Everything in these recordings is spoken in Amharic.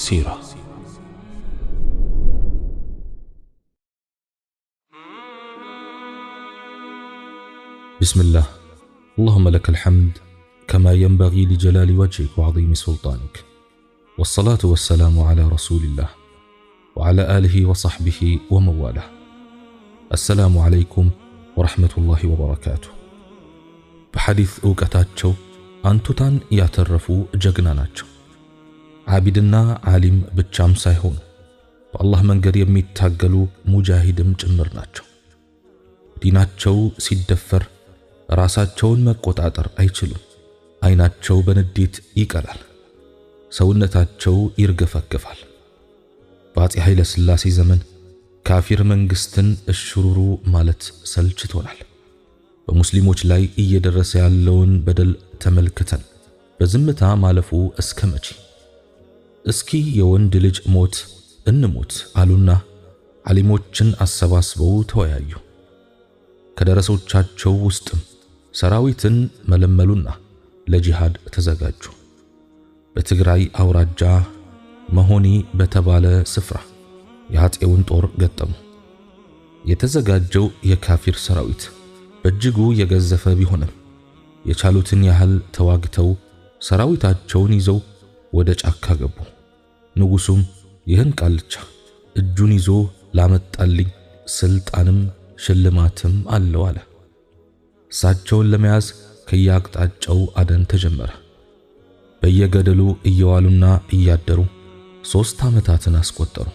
سيرة بسم الله اللهم لك الحمد كما ينبغي لجلال وجهك وعظيم سلطانك والصلاة والسلام على رسول الله وعلى آله وصحبه ومواله السلام عليكم ورحمة الله وبركاته بحديث ዕውቀታቸው أنتو تان ጀግና جغناناتشو አቢድና ዓሊም ብቻም ሳይሆኑ በአላህ መንገድ የሚታገሉ ሙጃሂድም ጭምር ናቸው። ዲናቸው ሲደፈር ራሳቸውን መቆጣጠር አይችሉም። አይናቸው በንዴት ይቀላል፣ ሰውነታቸው ይርገፈገፋል። በአፄ ኃይለ ሥላሴ ዘመን ካፊር መንግስትን እሽሩሩ ማለት ሰልችቶናል። በሙስሊሞች ላይ እየደረሰ ያለውን በደል ተመልክተን በዝምታ ማለፉ እስከ መቼ? እስኪ የወንድ ልጅ ሞት እንሞት አሉና ዓሊሞችን አሰባስበው ተወያዩ። ከደረሶቻቸው ውስጥም ሰራዊትን መለመሉና ለጂሃድ ተዘጋጁ። በትግራይ አውራጃ መሆኒ በተባለ ስፍራ የአጤውን ጦር ገጠሙ። የተዘጋጀው የካፊር ሰራዊት በእጅጉ የገዘፈ ቢሆንም የቻሉትን ያህል ተዋግተው ሰራዊታቸውን ይዘው ወደ ጫካ ገቡ። ንጉሱም ይህን ቃልቻ እጁን ይዞ ላመጣልኝ ስልጣንም ሽልማትም አለው አለ። እሳቸውን ለመያዝ ከየአቅጣጫው አደን ተጀመረ። በየገደሉ እየዋሉና እያደሩ ሶስት ዓመታትን አስቆጠሩ።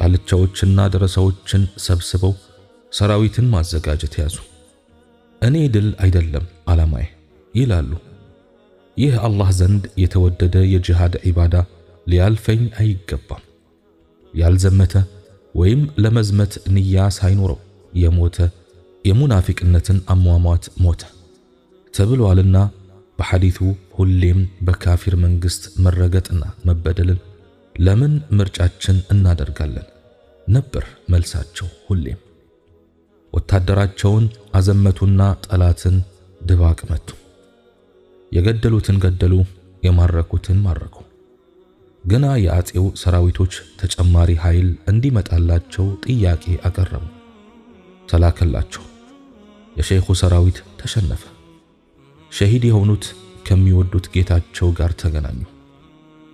ቃልቻዎችና ደረሳዎችን ሰብስበው ሰራዊትን ማዘጋጀት ያዙ። እኔ ድል አይደለም ዓላማዬ ይላሉ ይህ አላህ ዘንድ የተወደደ የጅሃድ ዒባዳ ሊያልፈኝ አይገባም። ያልዘመተ ወይም ለመዝመት ንያ ሳይኖረው የሞተ የሙናፊቅነትን አሟሟት ሞተ ተብሏልና በሐዲቱ ሁሌም በካፊር መንግሥት መረገጥና መበደልን ለምን ምርጫችን እናደርጋለን ነበር መልሳቸው። ሁሌም ወታደራቸውን አዘመቱና ጠላትን ድባቅ መቱ። የገደሉትን ገደሉ፣ የማረኩትን ማረኩ። ግና የአጼው ሰራዊቶች ተጨማሪ ኃይል እንዲመጣላቸው ጥያቄ አቀረቡ። ተላከላቸው። የሼኹ ሰራዊት ተሸነፈ። ሸሂድ የሆኑት ከሚወዱት ጌታቸው ጋር ተገናኙ።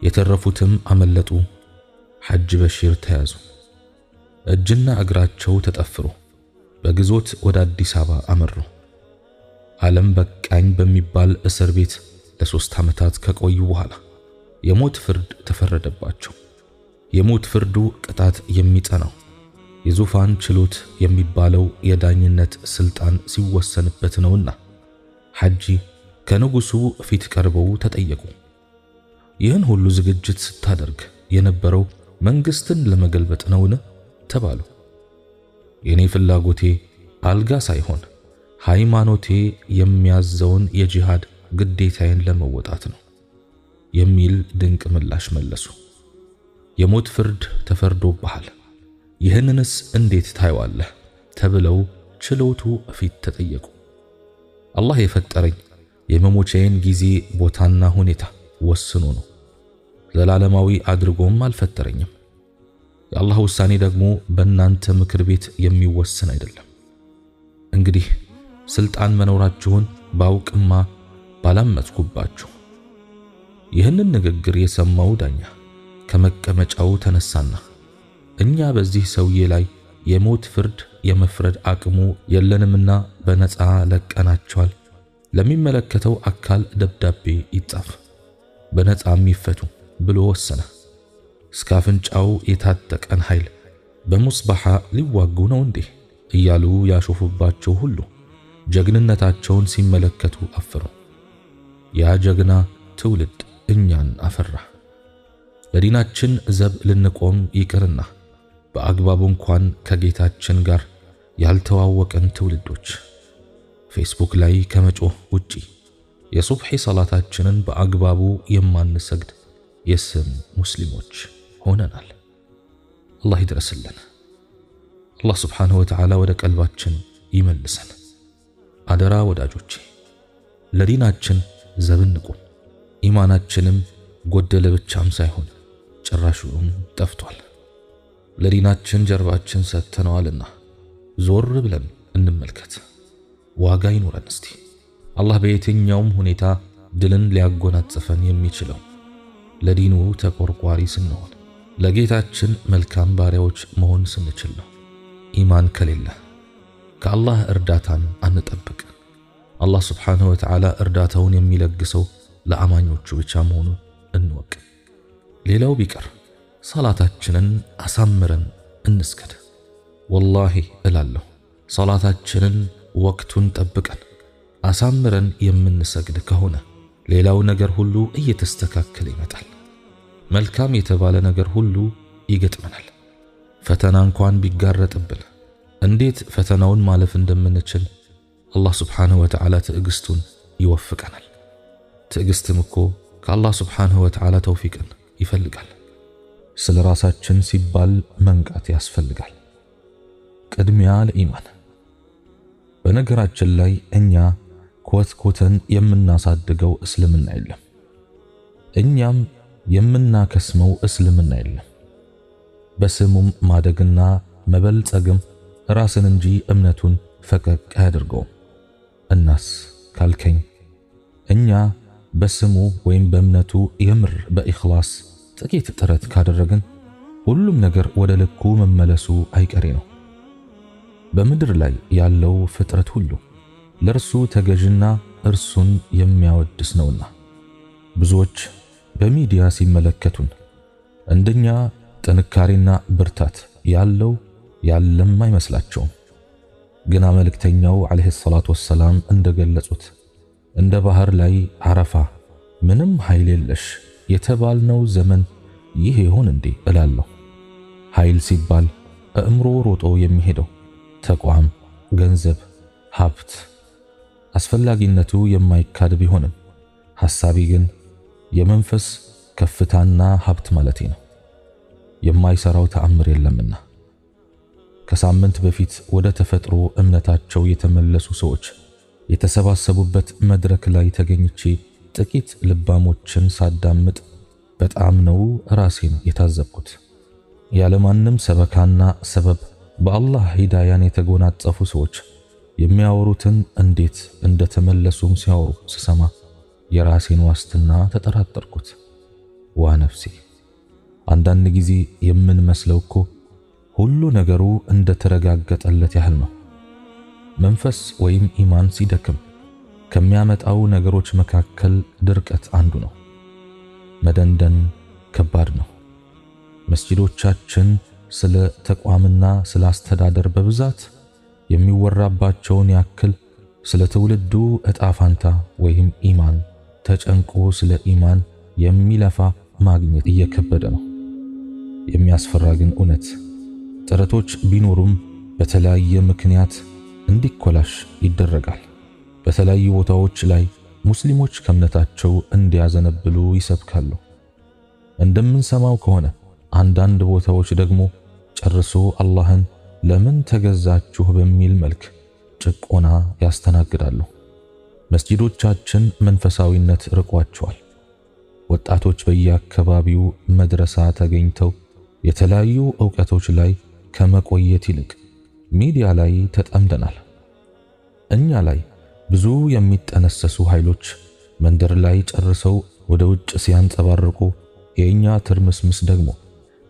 የተረፉትም አመለጡ። ሐጅ በሺር ተያዙ። እጅና እግራቸው ተጠፍሮ በግዞት ወደ አዲስ አበባ አመሩ። ዓለም በቃኝ በሚባል እስር ቤት ለሶስት ዓመታት ከቆዩ በኋላ የሞት ፍርድ ተፈረደባቸው። የሞት ፍርዱ ቅጣት የሚጠናው የዙፋን ችሎት የሚባለው የዳኝነት ስልጣን ሲወሰንበት ነውና ሐጂ ከንጉሱ ፊት ቀርበው ተጠየቁ። ይህን ሁሉ ዝግጅት ስታደርግ የነበረው መንግስትን ለመገልበጥ ነውን? ተባሉ። የኔ ፍላጎቴ አልጋ ሳይሆን ሃይማኖቴ የሚያዘውን የጂሃድ ግዴታዬን ለመወጣት ነው የሚል ድንቅ ምላሽ መለሱ። የሞት ፍርድ ተፈርዶብሃል፣ ይህንንስ እንዴት ታየዋለህ ተብለው ችሎቱ ፊት ተጠየቁ። አላህ የፈጠረኝ የመሞቻዬን ጊዜ ቦታና ሁኔታ ወስኖ ነው። ዘላለማዊ አድርጎም አልፈጠረኝም። የአላህ ውሳኔ ደግሞ በእናንተ ምክር ቤት የሚወሰን አይደለም። እንግዲህ ስልጣን መኖራችሁን ባውቅማ ባላመጽኩባችሁ። ይህንን ንግግር የሰማው ዳኛ ከመቀመጫው ተነሳና እኛ በዚህ ሰውዬ ላይ የሞት ፍርድ የመፍረድ አቅሙ የለንምና በነፃ ለቀናቸዋል። ለሚመለከተው አካል ደብዳቤ ይጻፍ፣ በነፃም ይፈቱ ብሎ ወሰነ። እስከ አፍንጫው የታጠቀን ኃይል በሙስባሓ ሊዋጉ ነው እንዴ እያሉ ያሾፉባቸው ሁሉ ጀግንነታቸውን ሲመለከቱ አፈሩ። ያ ጀግና ትውልድ እኛን አፈራ። ለዲናችን ዘብ ልንቆም ይቅርና በአግባቡ እንኳን ከጌታችን ጋር ያልተዋወቀን ትውልዶች ፌስቡክ ላይ ከመጮህ ውጪ የሱብሒ ሰላታችንን በአግባቡ የማንሰግድ የስም ሙስሊሞች ሆነናል። አላህ ይድረስልን። አላህ ስብሓንሁ ወተዓላ ወደ ቀልባችን ይመልሰን። አደራ ወዳጆቼ ለዲናችን ዘብንቁም ኢማናችንም ጎደለ ብቻም ሳይሆን ጭራሹም ጠፍቷል። ለዲናችን ጀርባችን ሰጥተነዋልና ዞር ብለን እንመልከት። ዋጋ ይኑረን። እስቲ አላህ በየትኛውም ሁኔታ ድልን ሊያጎናጽፈን የሚችለው ለዲኑ ተቆርቋሪ ስንሆን፣ ለጌታችን መልካም ባሪያዎች መሆን ስንችል ነው። ኢማን ከሌለ ከአላህ እርዳታን አንጠብቅ። አላህ ስብሓንሁ ወተዓላ እርዳታውን የሚለግሰው ለአማኞቹ ብቻ መሆኑን እንወቅ። ሌላው ቢቀር ሰላታችንን አሳምረን እንስገድ። ወላሂ እላለሁ ሰላታችንን ወቅቱን ጠብቀን አሳምረን የምንሰግድ ከሆነ ሌላው ነገር ሁሉ እየተስተካከለ ይመጣል። መልካም የተባለ ነገር ሁሉ ይገጥመናል። ፈተና እንኳን ቢጋረጥብን እንዴት ፈተናውን ማለፍ እንደምንችል አላህ ስብሓንሁ ወተዓላ ትዕግስቱን ይወፍቀናል። ትዕግስትም እኮ ከአላህ ስብሓንሁ ወተዓላ ተውፊቅን ይፈልጋል። ስለ ራሳችን ሲባል መንቃት ያስፈልጋል። ቅድሚያ ለኢማን። በነገራችን ላይ እኛ ኮትኮተን የምናሳድገው እስልምና የለም፣ እኛም የምናከስመው እስልምና የለም። በስሙም ማደግና መበልጸግም ራስን እንጂ እምነቱን ፈቀቅ አያድርገው። እናስ ካልከኝ እኛ በስሙ ወይም በእምነቱ የምር በኢኽላስ ጥቂት ጥረት ካደረግን ሁሉም ነገር ወደ ልኩ መመለሱ አይቀሬ ነው። በምድር ላይ ያለው ፍጥረት ሁሉ ለእርሱ ተገዥና እርሱን የሚያወድስ ነውና ብዙዎች በሚዲያ ሲመለከቱን እንደኛ ጥንካሬና ብርታት ያለው ያለም አይመስላቸውም። ግና መልእክተኛው ዓለይሂ ሰላቱ ወሰላም እንደገለጹት እንደ ባህር ላይ አረፋ ምንም ኃይል የለሽ የተባልነው ዘመን ይህ ይሆን እንዴ እላለሁ። ኃይል ሲባል አእምሮ ሮጦ የሚሄደው ተቋም፣ ገንዘብ፣ ሀብት አስፈላጊነቱ የማይካድ ቢሆንም ሐሳቢ ግን የመንፈስ ከፍታና ሀብት ማለቴ ነው። የማይሰራው ተአምር የለምና ከሳምንት በፊት ወደ ተፈጥሮ እምነታቸው የተመለሱ ሰዎች የተሰባሰቡበት መድረክ ላይ ተገኝቼ ጥቂት ልባሞችን ሳዳምጥ በጣም ነው ራሴን የታዘብኩት። ያለማንም ሰበካና ሰበብ በአላህ ሂዳያን የተጎናጸፉ ሰዎች የሚያወሩትን እንዴት እንደተመለሱም ሲያወሩ ስሰማ የራሴን ዋስትና ተጠራጠርኩት። ዋ ነፍሴ፣ አንዳንድ ጊዜ የምንመስለው እኮ ሁሉ ነገሩ እንደተረጋገጠለት ያህል ነው። መንፈስ ወይም ኢማን ሲደክም ከሚያመጣው ነገሮች መካከል ድርቀት አንዱ ነው። መደንደን ከባድ ነው። መስጂዶቻችን ስለ ተቋምና ስለ አስተዳደር በብዛት የሚወራባቸውን ያክል ስለ ትውልዱ እጣ ፋንታ ወይም ኢማን ተጨንቆ ስለ ኢማን የሚለፋ ማግኘት እየከበደ ነው። የሚያስፈራ ግን እውነት ጥረቶች ቢኖሩም በተለያየ ምክንያት እንዲኮላሽ ይደረጋል። በተለያዩ ቦታዎች ላይ ሙስሊሞች ከእምነታቸው እንዲያዘነብሉ ይሰብካሉ። እንደምንሰማው ከሆነ አንዳንድ ቦታዎች ደግሞ ጨርሶ አላህን ለምን ተገዛችሁ በሚል መልክ ጭቆና ያስተናግዳሉ። መስጂዶቻችን መንፈሳዊነት ርቋቸዋል። ወጣቶች በየአካባቢው መድረሳ ተገኝተው የተለያዩ ዕውቀቶች ላይ ከመቆየት ይልቅ ሚዲያ ላይ ተጠምደናል። እኛ ላይ ብዙ የሚጠነሰሱ ኃይሎች መንደር ላይ ጨርሰው ወደ ውጭ ሲያንጸባርቁ፣ የእኛ ትርምስምስ ደግሞ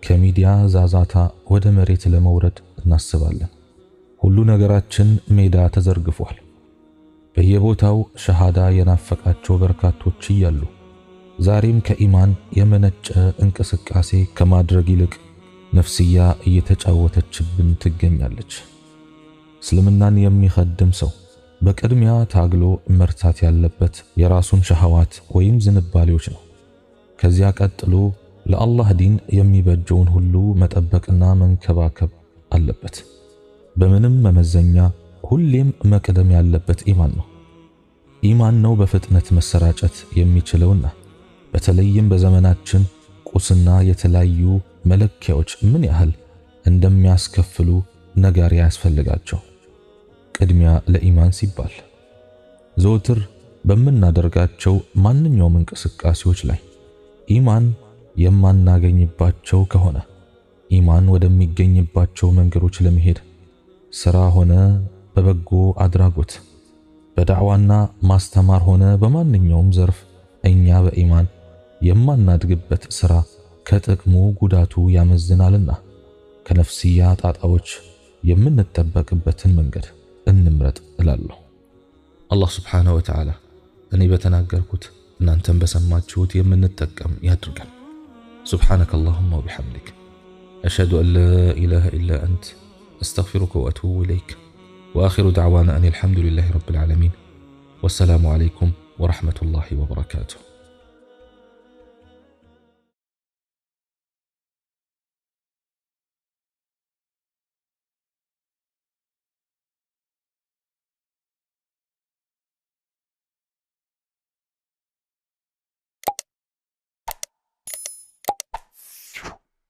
ከሚዲያ ዛዛታ ወደ መሬት ለመውረድ እናስባለን። ሁሉ ነገራችን ሜዳ ተዘርግፏል። በየቦታው ሸሃዳ የናፈቃቸው በርካቶች እያሉ ዛሬም ከኢማን የመነጨ እንቅስቃሴ ከማድረግ ይልቅ ነፍስያ እየተጫወተችብን ትገኛለች። እስልምናን የሚኸድም ሰው በቅድሚያ ታግሎ መርታት ያለበት የራሱን ሸሃዋት ወይም ዝንባሌዎች ነው። ከዚያ ቀጥሎ ለአላህ ዲን የሚበጀውን ሁሉ መጠበቅና መንከባከብ አለበት። በምንም መመዘኛ ሁሌም መቅደም ያለበት ኢማን ነው። ኢማን ነው በፍጥነት መሰራጨት የሚችለውና በተለይም በዘመናችን ቁስና የተለያዩ መለኪያዎች ምን ያህል እንደሚያስከፍሉ ነጋሪ ያስፈልጋቸው። ቅድሚያ ለኢማን ሲባል ዘውትር በምናደርጋቸው ማንኛውም እንቅስቃሴዎች ላይ ኢማን የማናገኝባቸው ከሆነ ኢማን ወደሚገኝባቸው መንገዶች ለመሄድ ስራ ሆነ በበጎ አድራጎት በዳዕዋና ማስተማር ሆነ በማንኛውም ዘርፍ እኛ በኢማን የማናድግበት ስራ ከጥቅሙ ጉዳቱ ያመዝናልና ከነፍስያ ጣጣዎች የምንጠበቅበትን መንገድ እንምረጥ እላለሁ። አላህ ስብሓነሁ ወተዓላ እኔ በተናገርኩት እናንተም በሰማችሁት የምንጠቀም ያድርገን። سبحانك اللهم وبحمدك أشهد أن لا إله إلا أنت أستغفرك وأتوب إليك وآخر دعوانا أن الحمد لله رب العالمين والسلام عليكم ورحمة الله وبركاته